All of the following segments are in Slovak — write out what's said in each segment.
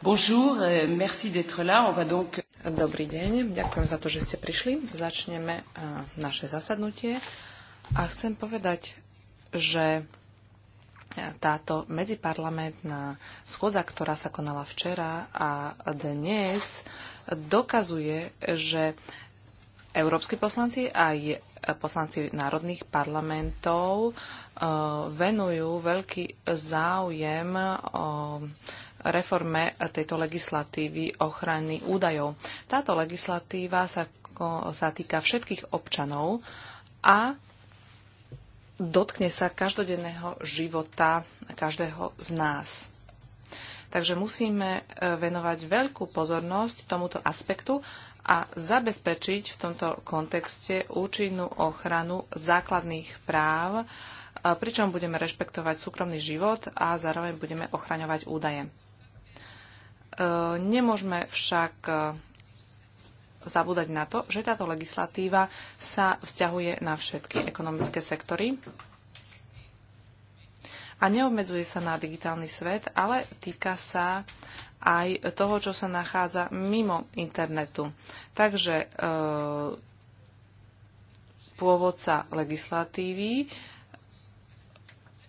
Bonjour, euh, merci d'être là. On va donc... Dobrý deň, ďakujem za to, že ste prišli. Začneme eh, naše zasadnutie a chcem povedať, že eh, táto medziparlamentná schodza, ktorá sa konala včera a dnes, dokazuje, že európsky poslanci aj poslanci národných parlamentov eh, venujú veľký záujem o reforme tejto legislatívy ochrany údajov. Táto legislatíva sa, sa týka všetkých občanov a dotkne sa každodenného života každého z nás. Takže musíme e, venovať veľkú pozornosť tomuto aspektu a zabezpečiť v tomto kontexte účinnú ochranu základných práv, e, pričom budeme rešpektovať súkromný život a zároveň budeme ochraňovať údaje. Nemôžeme však e, zabúdať na to, že táto legislatíva sa vzťahuje na všetky ekonomické sektory a neobmedzuje sa na digitálny svet, ale týka sa aj toho, čo sa nachádza mimo internetu. Takže e, pôvodca legislatívy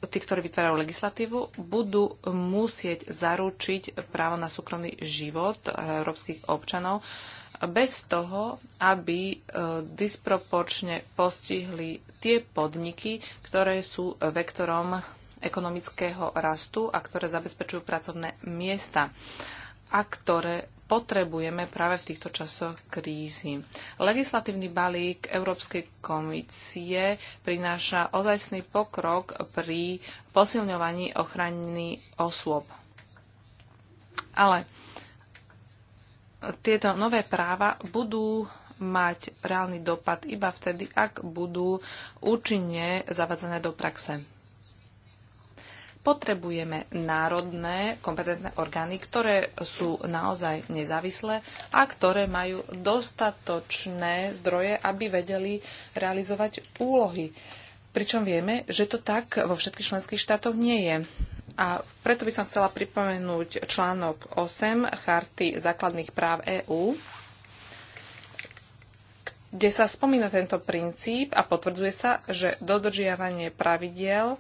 tí, ktorí vytvárajú legislatívu, budú musieť zaručiť právo na súkromný život eh, európskych občanov bez toho, aby eh, disproporčne postihli tie podniky, ktoré sú vektorom ekonomického rastu a ktoré zabezpečujú pracovné miesta a ktoré potrebujeme práve v týchto časoch krízy. Legislatívny balík Európskej komisie prináša ozajstný pokrok pri posilňovaní ochrany osôb. Ale tieto nové práva budú mať reálny dopad iba vtedy, ak budú účinne zavadzené do praxe Potrebujeme národné kompetentné orgány, ktoré sú naozaj nezávislé a ktoré majú dostatočné zdroje, aby vedeli realizovať úlohy. Pričom vieme, že to tak vo všetkých členských štátoch nie je. A preto by som chcela pripomenúť článok 8 Charty základných práv EÚ, kde sa spomína tento princíp a potvrdzuje sa, že dodržiavanie pravidiel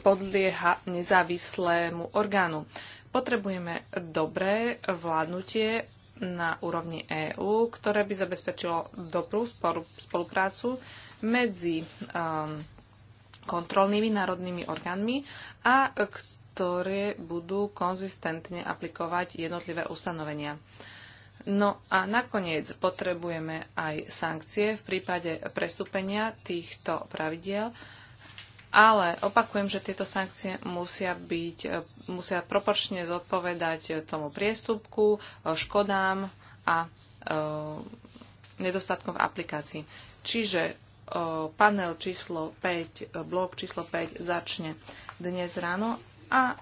podlieha nezávislému orgánu. Potrebujeme dobré vládnutie na úrovni EÚ, ktoré by zabezpečilo dobrú spoluprácu medzi um, kontrolnými národnými orgánmi a ktoré budú konzistentne aplikovať jednotlivé ustanovenia. No a nakoniec potrebujeme aj sankcie v prípade prestúpenia týchto pravidiel, ale opakujem, že tieto sankcie musia byť, e, musia proporčne zodpovedať e, tomu priestupku, e, škodám a e, nedostatkom v aplikácii. Čiže e, panel číslo 5, blok číslo 5 začne dnes ráno a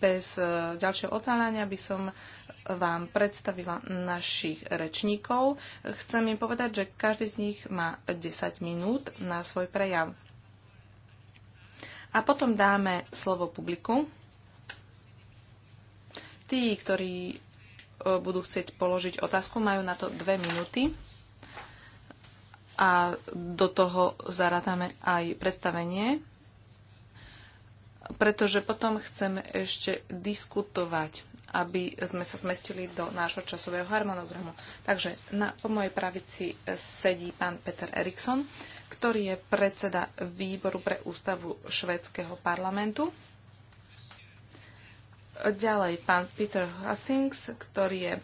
bez e, ďalšieho otáľania by som vám predstavila našich rečníkov. Chcem im povedať, že každý z nich má 10 minút na svoj prejav. A potom dáme slovo publiku. Tí, ktorí e, budú chcieť položiť otázku, majú na to dve minúty a do toho zarátame aj predstavenie, pretože potom chceme ešte diskutovať, aby sme sa zmestili do nášho časového harmonogramu. Takže na, po mojej pravici sedí pán Peter Eriksson, ktorý je predseda výboru pre ústavu švedského parlamentu. Ďalej pán Peter Hastings, ktorý je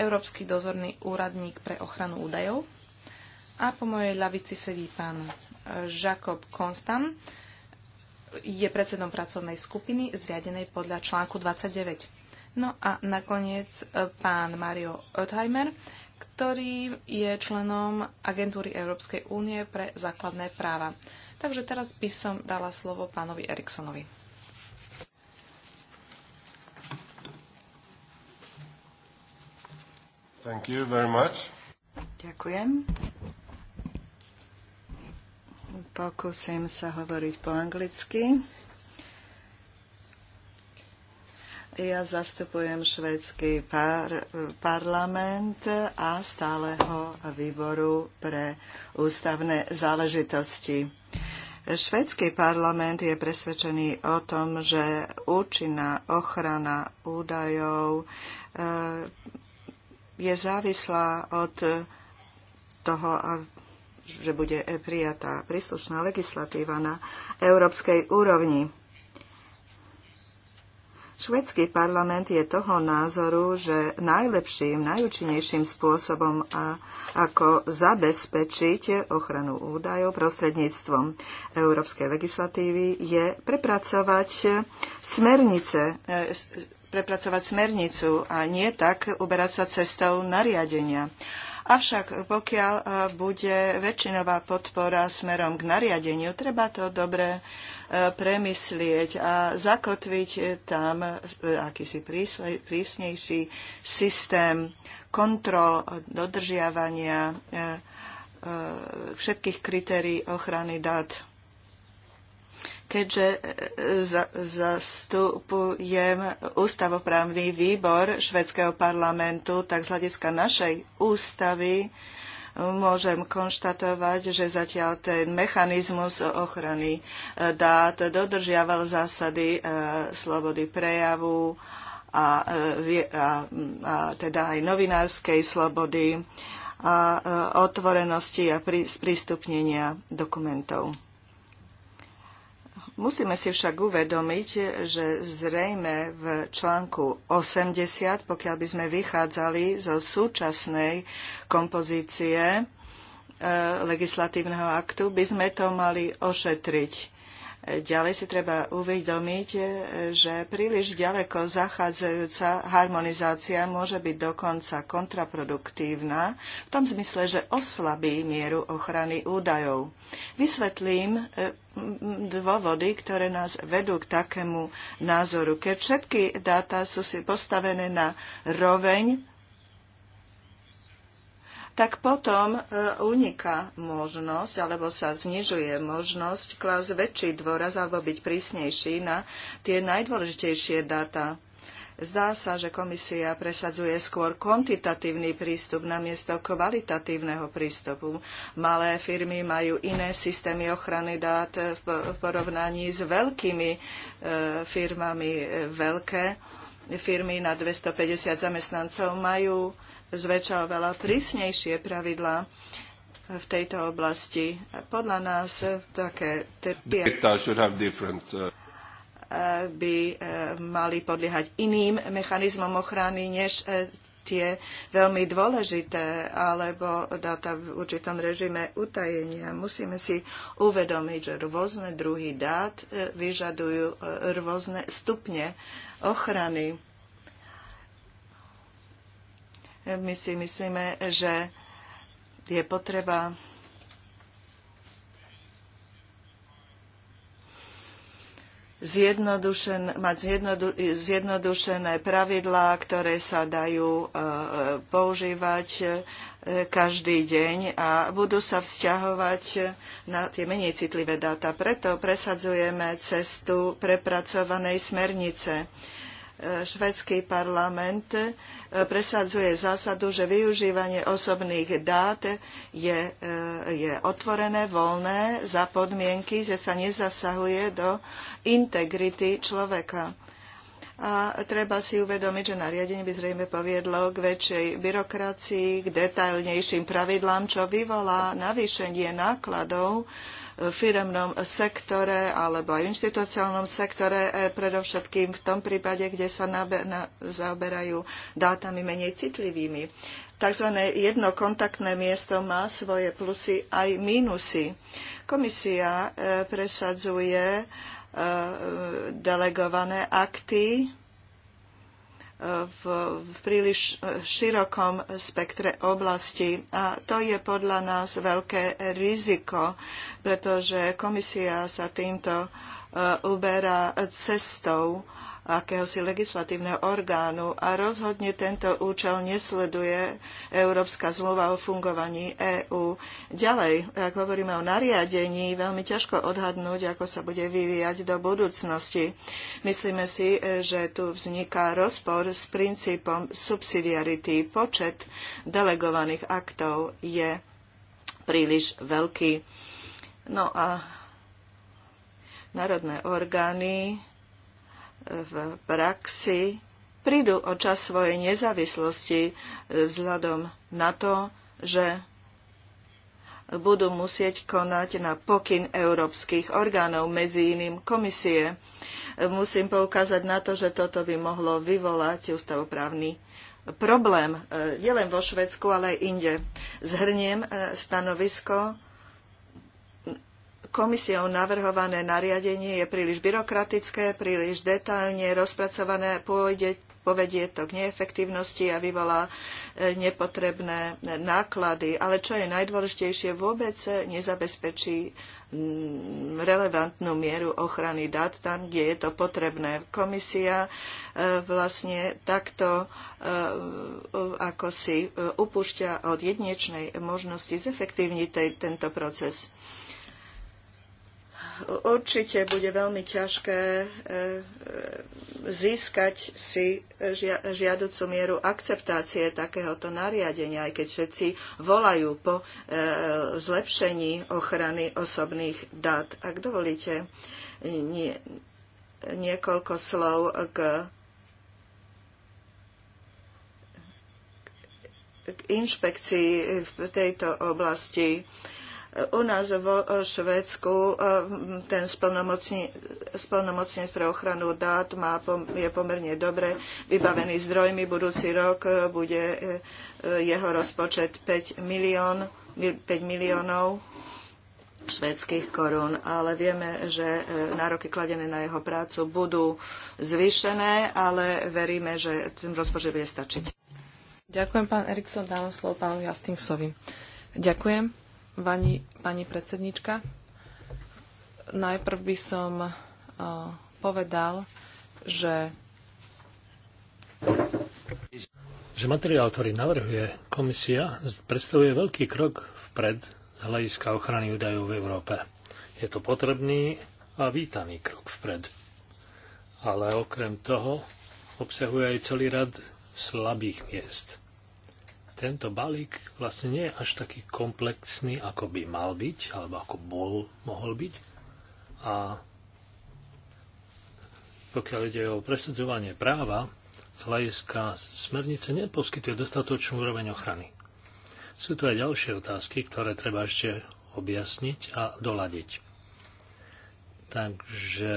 Európsky dozorný úradník pre ochranu údajov. A po mojej lavici sedí pán e, Jakob Konstan, je predsedom pracovnej skupiny zriadenej podľa článku 29. No a nakoniec e, pán Mario Oetheimer, ktorý je členom agentúry Európskej únie pre základné práva. Takže teraz by som dala slovo pánovi Eriksonovi. Thank you very much. Ďakujem. Pokúsim sa hovoriť po anglicky. Ja zastupujem švédsky par- parlament a stáleho výboru pre ústavné záležitosti. Švédsky parlament je presvedčený o tom, že účinná ochrana údajov eh, je závislá od toho, že bude prijatá príslušná legislatíva na európskej úrovni. Švedský parlament je toho názoru, že najlepším, najúčinnejším spôsobom, a, ako zabezpečiť ochranu údajov prostredníctvom európskej legislatívy, je prepracovať smernice e, prepracovať smernicu a nie tak uberať sa cestou nariadenia. Avšak pokiaľ e, bude väčšinová podpora smerom k nariadeniu, treba to dobre E, premyslieť a zakotviť tam e, akýsi prísnejší systém kontrol dodržiavania e, všetkých kritérií ochrany dát. Keďže zastupujem ústavoprávny výbor švedského parlamentu, tak z hľadiska našej ústavy môžem konštatovať, že zatiaľ ten mechanizmus ochrany e, dát dodržiaval zásady e, slobody prejavu a, e, a, a teda aj novinárskej slobody a otvorenosti a sprístupnenia dokumentov. Musíme si však uvedomiť, že zrejme v článku 80, pokiaľ by sme vychádzali zo súčasnej kompozície eh, legislatívneho aktu, by sme to mali ošetriť. Ďalej si treba uvedomiť, že príliš ďaleko zachádzajúca harmonizácia môže byť dokonca kontraproduktívna v tom zmysle, že oslabí mieru ochrany údajov. Vysvetlím e, dôvody, ktoré nás vedú k takému názoru. Keď všetky dáta sú si postavené na roveň, tak potom e, uniká možnosť alebo sa znižuje možnosť klásť väčší dôraz alebo byť prísnejší na tie najdôležitejšie dáta. Zdá sa, že komisia presadzuje skôr kvantitatívny prístup namiesto kvalitatívneho prístupu. Malé firmy majú iné systémy ochrany dát v porovnaní s veľkými e, firmami. E, veľké firmy na 250 zamestnancov majú zväčša oveľa prísnejšie pravidlá v tejto oblasti. Podľa nás také terpie uh, by uh, mali podliehať iným mechanizmom ochrany, než uh, tie veľmi dôležité, alebo dáta v určitom režime utajenia. Musíme si uvedomiť, že rôzne druhy dát vyžadujú rôzne stupne ochrany my si myslíme, že je potreba zjednodušen, mať zjednodu, zjednodušené pravidlá, ktoré sa dajú e, používať e, každý deň a budú sa vzťahovať na tie menej citlivé dáta. Preto presadzujeme cestu prepracovanej smernice švedský parlament e, presadzuje zásadu, že využívanie osobných dát je, e, je otvorené, voľné za podmienky, že sa nezasahuje do integrity človeka a treba si uvedomiť, že nariadenie by zrejme poviedlo k väčšej byrokracii, k detailnejším pravidlám, čo vyvolá navýšenie nákladov v firemnom sektore alebo aj v inštitúciálnom sektore, e, predovšetkým v tom prípade, kde sa zaoberajú dátami menej citlivými. Takzvané jednokontaktné miesto má svoje plusy aj mínusy. Komisia e, presadzuje E, delegované akty e, v, v príliš širokom spektre oblasti. A to je podľa nás veľké riziko, pretože komisia sa týmto e, uberá cestou akéhosi legislatívneho orgánu a rozhodne tento účel nesleduje Európska zmluva o fungovaní EÚ. Ďalej, ak hovoríme o nariadení, veľmi ťažko odhadnúť, ako sa bude vyvíjať do budúcnosti. Myslíme si, že tu vzniká rozpor s princípom subsidiarity. Počet delegovaných aktov je príliš veľký. No a národné orgány v praxi prídu o čas svojej nezávislosti e, vzhľadom na to, že budú musieť konať na pokyn európskych orgánov, medzi iným komisie. Musím poukázať na to, že toto by mohlo vyvolať ústavoprávny problém e, nielen vo Švedsku, ale aj inde. Zhrniem e, stanovisko komisiou navrhované nariadenie je príliš byrokratické, príliš detailne rozpracované, pôjde povedie to k neefektívnosti a vyvolá e, nepotrebné náklady. Ale čo je najdôležitejšie, vôbec nezabezpečí mm, relevantnú mieru ochrany dát tam, kde je to potrebné. Komisia e, vlastne takto e, ako si upúšťa od jedinečnej možnosti zefektívniť tento proces určite bude veľmi ťažké eh, získať si žiaducu mieru akceptácie takéhoto nariadenia, aj keď všetci volajú po eh, zlepšení ochrany osobných dát. Ak dovolíte, nie, niekoľko slov k k inšpekcii v tejto oblasti. U nás vo e, Švédsku e, ten splnomocnenec pre ochranu dát má, je pomerne dobre vybavený zdrojmi. Budúci rok e, bude jeho rozpočet 5, milión, 5 miliónov švédskych korún, ale vieme, že nároky kladené na jeho prácu budú zvýšené, ale veríme, že ten rozpočet bude stačiť. Ďakujem, pán Erikson. Dávam slovo pánu Jastinsovi. Ďakujem. Pani, pani predsednička, najprv by som eh, povedal, že že materiál, ktorý navrhuje komisia, predstavuje veľký krok vpred z hľadiska ochrany údajov v Európe. Je to potrebný a vítaný krok vpred. Ale okrem toho obsahuje aj celý rad slabých miest tento balík vlastne nie je až taký komplexný, ako by mal byť, alebo ako bol, mohol byť. A pokiaľ ide o presadzovanie práva, z hľadiska smernice neposkytuje dostatočnú úroveň ochrany. Sú tu aj ďalšie otázky, ktoré treba ešte objasniť a doladiť. Takže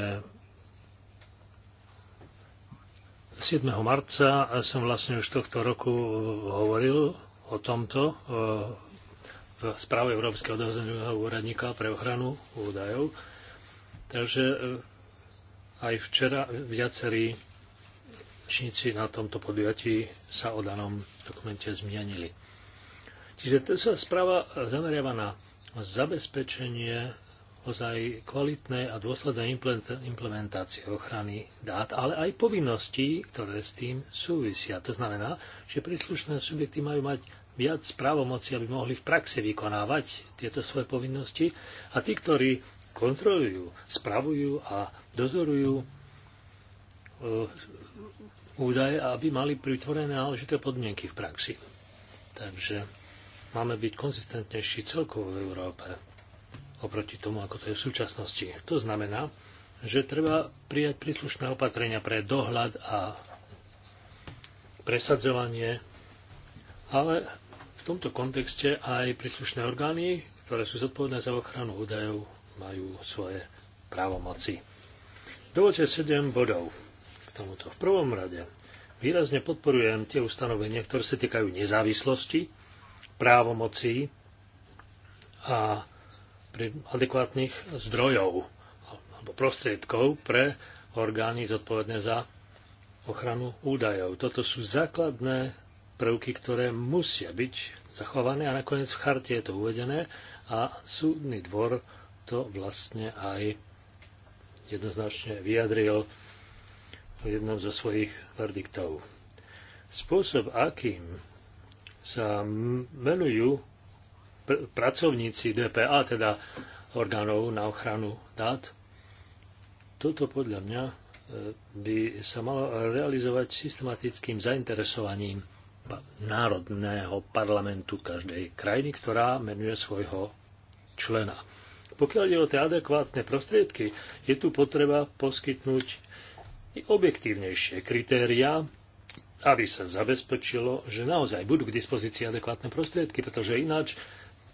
7. marca som vlastne už tohto roku uh, hovoril o tomto uh, v správe Európskeho odhozeného úradníka pre ochranu údajov. Takže uh, aj včera viacerí činníci na tomto podujatí sa o danom dokumente zmienili. Čiže to sa správa zameriava na zabezpečenie ozaj kvalitné a dôsledné implementácie ochrany dát, ale aj povinností, ktoré s tým súvisia. To znamená, že príslušné subjekty majú mať viac právomoci, aby mohli v praxi vykonávať tieto svoje povinnosti a tí, ktorí kontrolujú, spravujú a dozorujú e, údaje, aby mali pritvorené náležité podmienky v praxi. Takže máme byť konzistentnejší celkovo v Európe oproti tomu, ako to je v súčasnosti. To znamená, že treba prijať príslušné opatrenia pre dohľad a presadzovanie, ale v tomto kontexte aj príslušné orgány, ktoré sú zodpovedné za ochranu údajov, majú svoje právomoci. Dovolte 7 bodov k tomuto. V prvom rade výrazne podporujem tie ustanovenia, ktoré sa týkajú nezávislosti, právomoci a adekvátnych zdrojov alebo prostriedkov pre orgány zodpovedné za ochranu údajov. Toto sú základné prvky, ktoré musia byť zachované a nakoniec v charte je to uvedené a súdny dvor to vlastne aj jednoznačne vyjadril v jednom zo svojich verdiktov. Spôsob, akým sa menujú pr- pracovníci DPA, teda orgánov na ochranu dát. Toto podľa mňa e, by sa malo realizovať systematickým zainteresovaním národného parlamentu každej krajiny, ktorá menuje svojho člena. Pokiaľ ide o tie adekvátne prostriedky, je tu potreba poskytnúť objektívnejšie kritéria, aby sa zabezpečilo, že naozaj budú k dispozícii adekvátne prostriedky, pretože ináč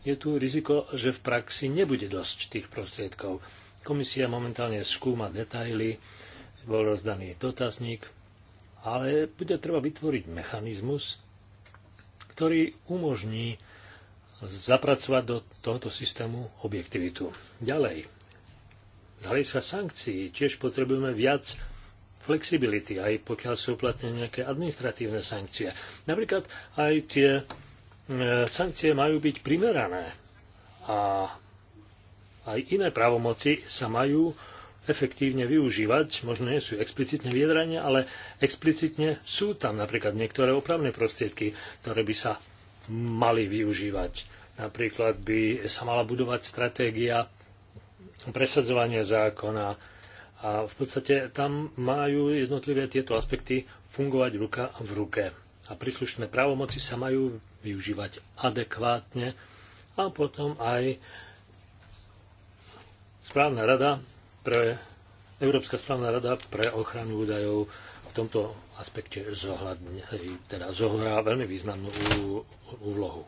je tu riziko, že v praxi nebude dosť tých prostriedkov. Komisia momentálne skúma detaily, bol rozdaný dotazník, ale bude treba vytvoriť mechanizmus, ktorý umožní zapracovať do tohoto systému objektivitu. Ďalej, z hľadiska sankcií tiež potrebujeme viac flexibility, aj pokiaľ sú uplatnené nejaké administratívne sankcie. Napríklad aj tie E, sankcie majú byť primerané a aj iné právomoci sa majú efektívne využívať. Možno nie sú explicitne viedrania, ale explicitne sú tam napríklad niektoré opravné prostriedky, ktoré by sa mali využívať. Napríklad by sa mala budovať stratégia presadzovania zákona a v podstate tam majú jednotlivé tieto aspekty fungovať ruka v ruke a príslušné právomoci sa majú využívať adekvátne a potom aj správna rada pre, Európska správna rada pre ochranu údajov v tomto aspekte zohľadne, teda zohrá veľmi významnú úlohu.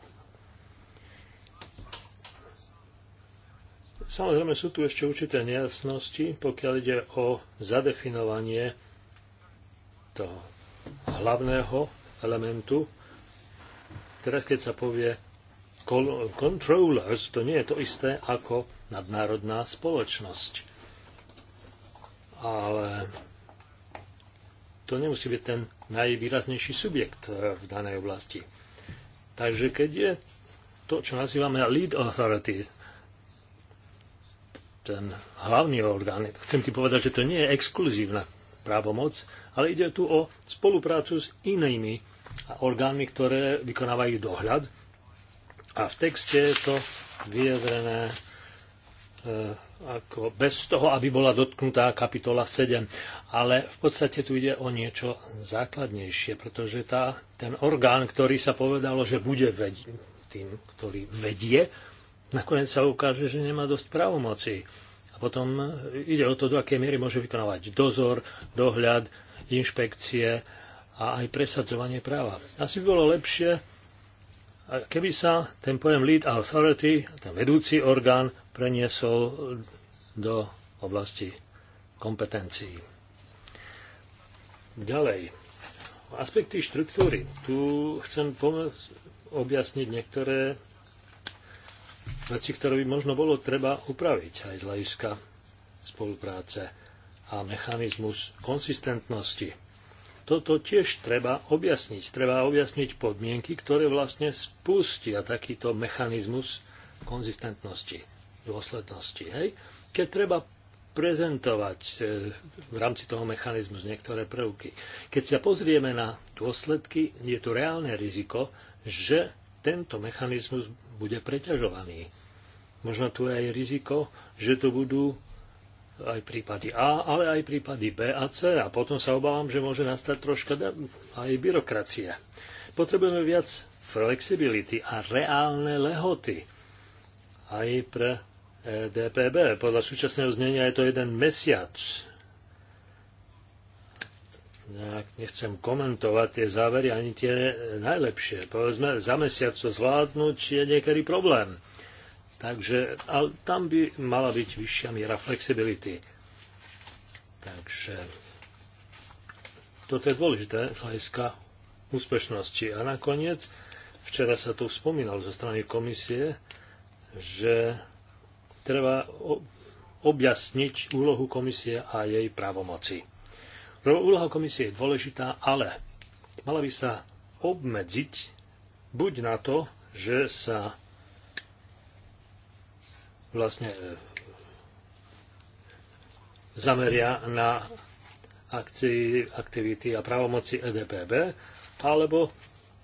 Samozrejme sú tu ešte určité nejasnosti, pokiaľ ide o zadefinovanie toho hlavného elementu. Teraz, keď sa povie controllers, to nie je to isté ako nadnárodná spoločnosť. Ale to nemusí byť ten najvýraznejší subjekt eh, v danej oblasti. Takže keď je to, čo nazývame lead authority, ten hlavný orgán, chcem ti povedať, že to nie je exkluzívna právomoc, ale ide tu o spoluprácu s inými orgánmi, ktoré vykonávajú dohľad. A v texte je to vyjadrené e, ako bez toho, aby bola dotknutá kapitola 7. Ale v podstate tu ide o niečo základnejšie, pretože tá, ten orgán, ktorý sa povedalo, že bude vedieť, tým, ktorý vedie, nakoniec sa ukáže, že nemá dosť právomocí. A potom e, ide o to, do akej miery môže vykonávať dozor, dohľad, inšpekcie a aj presadzovanie práva. Asi by bolo lepšie, keby sa ten pojem lead authority, ten vedúci orgán, preniesol do oblasti kompetencií. Ďalej, aspekty štruktúry. Tu chcem objasniť niektoré veci, ktoré by možno bolo treba upraviť aj z hľadiska spolupráce a mechanizmus konsistentnosti. Toto tiež treba objasniť. Treba objasniť podmienky, ktoré vlastne spustia takýto mechanizmus konzistentnosti, dôslednosti. Hej? Keď treba prezentovať e, v rámci toho mechanizmu niektoré prvky. Keď sa pozrieme na dôsledky, je tu reálne riziko, že tento mechanizmus bude preťažovaný. Možno tu je aj riziko, že to budú aj prípady A, ale aj prípady B a C a potom sa obávam, že môže nastať troška aj byrokracia. Potrebujeme viac flexibility a reálne lehoty aj pre e DPB. Podľa súčasného znenia je to jeden mesiac nejak nechcem komentovať tie závery, ani tie najlepšie. Povedzme, za mesiac to zvládnuť je niekedy problém. Takže ale tam by mala byť vyššia miera flexibility. Takže toto je dôležité z hľadiska úspešnosti. A nakoniec, včera sa tu spomínal zo strany komisie, že treba objasniť úlohu komisie a jej právomoci. Úloha komisie je dôležitá, ale mala by sa obmedziť buď na to, že sa vlastne e, zameria na akcii, aktivity a právomoci EDPB, alebo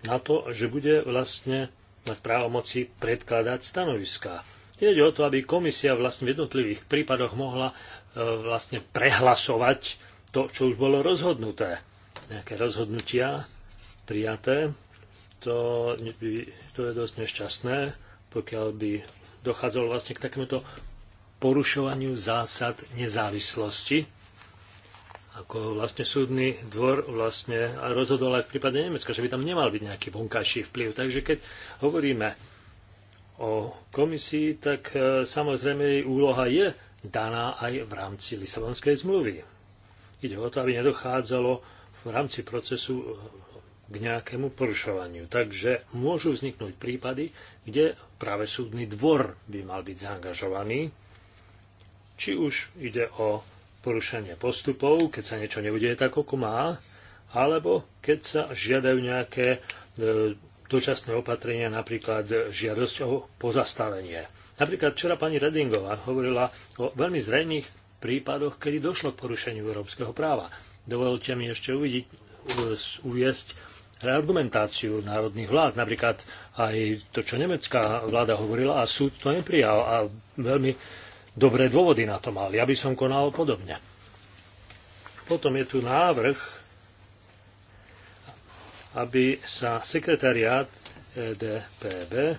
na to, že bude vlastne mať právomoci predkladať stanoviská. Ide o to, aby komisia vlastne v jednotlivých prípadoch mohla e, vlastne prehlasovať to, čo už bolo rozhodnuté. Nejaké rozhodnutia prijaté, to, to je dosť nešťastné, pokiaľ by dochádzalo vlastne k takémuto porušovaniu zásad nezávislosti, ako vlastne súdny dvor vlastne rozhodol aj v prípade Nemecka, že by tam nemal byť nejaký vonkajší vplyv. Takže keď hovoríme o komisii, tak e, samozrejme jej úloha je daná aj v rámci Lisabonskej zmluvy. Ide o to, aby nedochádzalo v rámci procesu eh, k nejakému porušovaniu. Takže môžu vzniknúť prípady, kde práve súdny dvor by mal byť zaangažovaný, či už ide o porušenie postupov, keď sa niečo neudeje tak, ako má, alebo keď sa žiadajú nejaké eh, dočasné opatrenia, napríklad žiadosť o pozastavenie. Napríklad včera pani Redingová hovorila o veľmi zrejných prípadoch, kedy došlo k porušeniu európskeho práva. Dovolte mi ešte uvidieť, uviesť argumentáciu národných vlád. Napríklad aj to, čo nemecká vláda hovorila a súd to neprijal a veľmi dobré dôvody na to mal. Ja by som konal podobne. Potom je tu návrh, aby sa sekretariát EDPB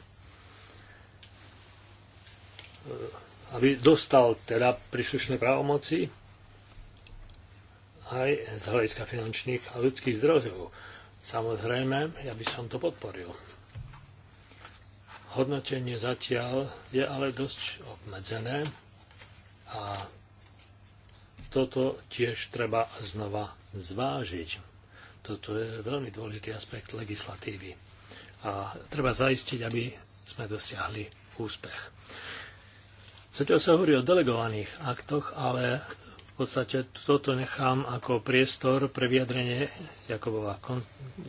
aby dostal teda príslušné právomoci aj z hľadiska finančných a ľudských zdrojov. Samozrejme, ja by som to podporil. Hodnotenie zatiaľ je ale dosť obmedzené a toto tiež treba znova zvážiť. Toto je veľmi dôležitý aspekt legislatívy a treba zaistiť, aby sme dosiahli úspech. Zatiaľ sa hovorí o delegovaných aktoch, ale v podstate toto nechám ako priestor pre vyjadrenie Jakobova,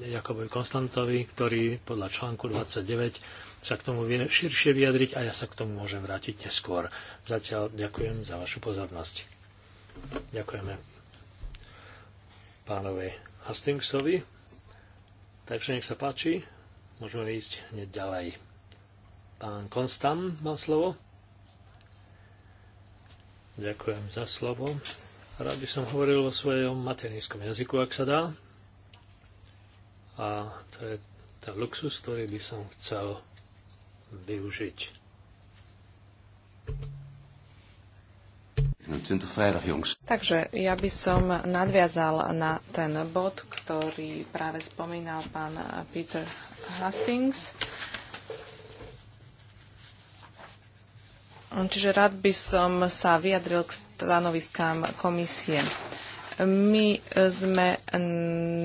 Jakobovi Konstantovi, ktorý podľa článku 29 sa k tomu vie širšie vyjadriť a ja sa k tomu môžem vrátiť neskôr. Zatiaľ ďakujem za vašu pozornosť. Ďakujeme pánovi Hastingsovi. Takže nech sa páči, môžeme ísť hneď ďalej. Pán Konstant má slovo. Ďakujem za slovo. Rád by som hovoril o svojom materinskom jazyku, ak sa dá. A to je ten luxus, ktorý by som chcel využiť. Takže ja by som nadviazal na ten bod, ktorý práve spomínal pán Peter Hastings. Čiže rád by som sa vyjadril k stanoviskám komisie. My e, sme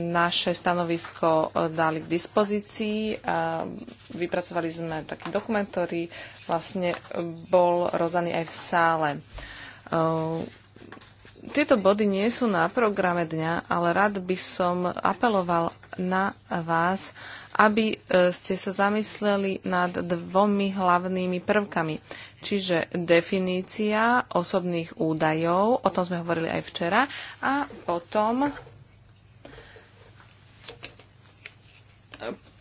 naše stanovisko e, dali k dispozícii. A vypracovali sme taký dokument, ktorý vlastne e, bol rozdaný aj v sále. Tieto body nie sú na programe dňa, ale rád by som apeloval na vás, aby e, ste sa zamysleli nad dvomi hlavnými prvkami. Čiže definícia osobných údajov, o tom sme hovorili aj včera, a potom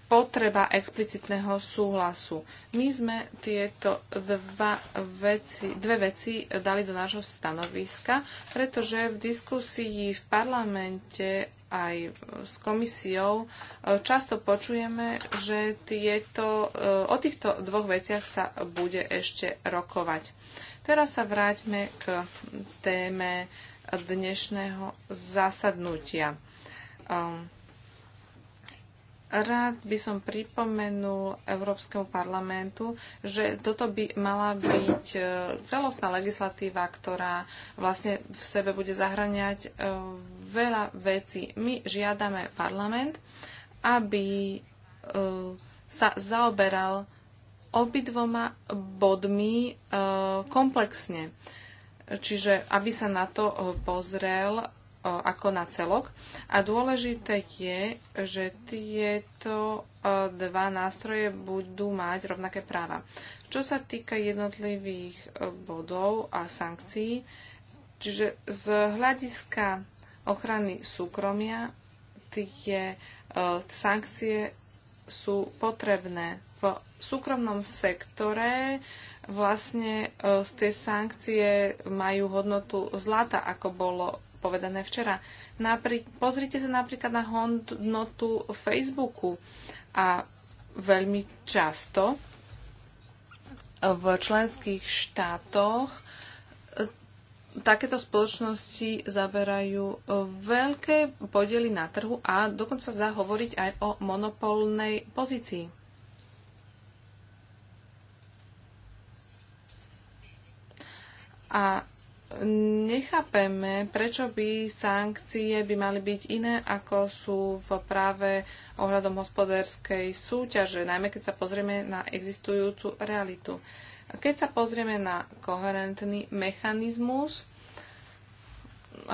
potreba explicitného súhlasu. My sme tieto dva veci, dve veci dali do nášho stanoviska, pretože v diskusii v parlamente aj s komisiou, e, často počujeme, že tieto, e, o týchto dvoch veciach sa bude ešte rokovať. Teraz sa vráťme k téme dnešného zasadnutia. Um, Rád by som pripomenul Európskemu parlamentu, že toto by mala byť e, celostná legislatíva, ktorá vlastne v sebe bude zahraniať e, veľa vecí. My žiadame parlament, aby e, sa zaoberal obidvoma bodmi komplexne. Čiže aby sa na to pozrel ako na celok. A dôležité je, že tieto dva nástroje budú mať rovnaké práva. Čo sa týka jednotlivých bodov a sankcií, čiže z hľadiska ochrany súkromia tie sankcie sú potrebné. V súkromnom sektore vlastne tie sankcie majú hodnotu zlata, ako bolo povedané včera. Napri- pozrite sa napríklad na hodnotu Facebooku a veľmi často v členských štátoch e, takéto spoločnosti zaberajú veľké podiely na trhu a dokonca dá hovoriť aj o monopolnej pozícii. A nechápeme, prečo by sankcie by mali byť iné, ako sú v práve ohľadom hospodárskej súťaže, najmä keď sa pozrieme na existujúcu realitu. Keď sa pozrieme na koherentný mechanizmus,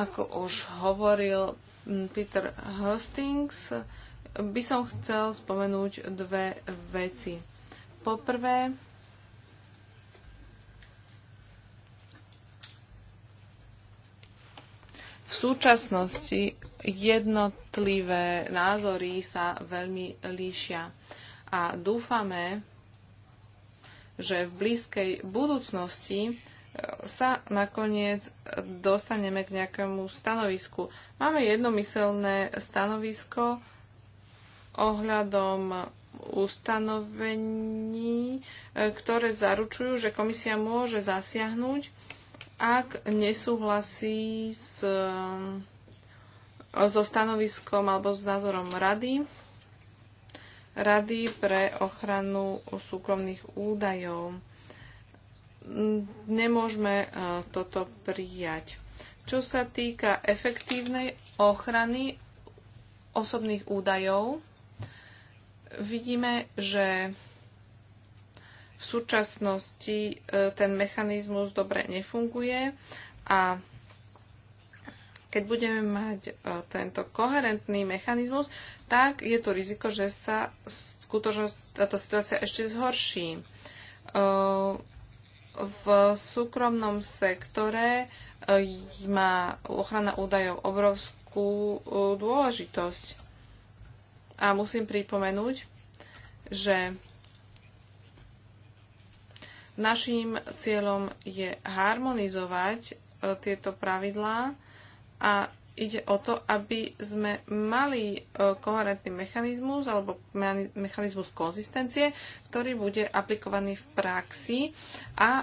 ako už hovoril Peter Hastings, by som chcel spomenúť dve veci. Poprvé, súčasnosti jednotlivé názory sa veľmi líšia a dúfame, že v blízkej budúcnosti e, sa nakoniec dostaneme k nejakému stanovisku. Máme jednomyselné stanovisko ohľadom ustanovení, e, ktoré zaručujú, že komisia môže zasiahnuť ak nesúhlasí s, so stanoviskom alebo s názorom rady, rady pre ochranu súkromných údajov. Nemôžeme e, toto prijať. Čo sa týka efektívnej ochrany osobných údajov, vidíme, že v súčasnosti e, ten mechanizmus dobre nefunguje a keď budeme mať e, tento koherentný mechanizmus, tak je tu riziko, že sa skutočnosť, táto situácia ešte zhorší. E, v súkromnom sektore má ochrana údajov obrovskú dôležitosť. A musím pripomenúť, že Naším cieľom je harmonizovať e, tieto pravidlá a ide o to, aby sme mali e, koherentný mechanizmus alebo mechanizmus konzistencie, ktorý bude aplikovaný v praxi a e,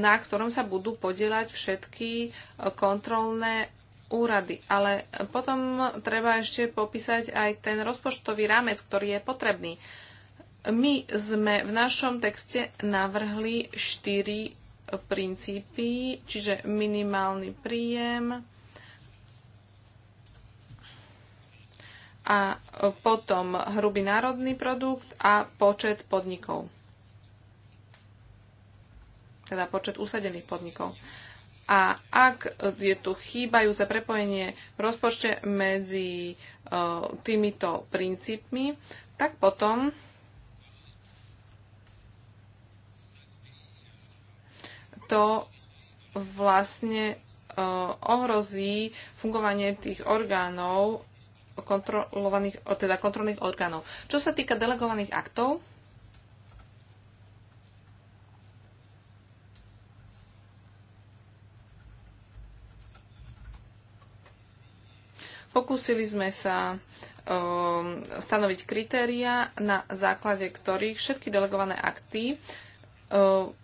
na ktorom sa budú podielať všetky kontrolné úrady. Ale potom treba ešte popísať aj ten rozpočtový rámec, ktorý je potrebný. Uh, my sme v našom texte navrhli štyri princípy, čiže minimálny príjem a potom hrubý národný produkt a počet podnikov. Teda počet usadených podnikov. A ak je tu chýbajúce prepojenie v rozpočte medzi eh, týmito princípmi, tak potom to vlastne e, ohrozí fungovanie tých orgánov, kontrolovaných, teda kontrolných orgánov. Čo sa týka delegovaných aktov, Pokúsili sme sa um, stanoviť kritéria, na základe ktorých všetky delegované akty um,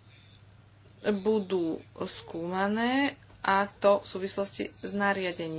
budú skúmané a to v súvislosti s nariadením.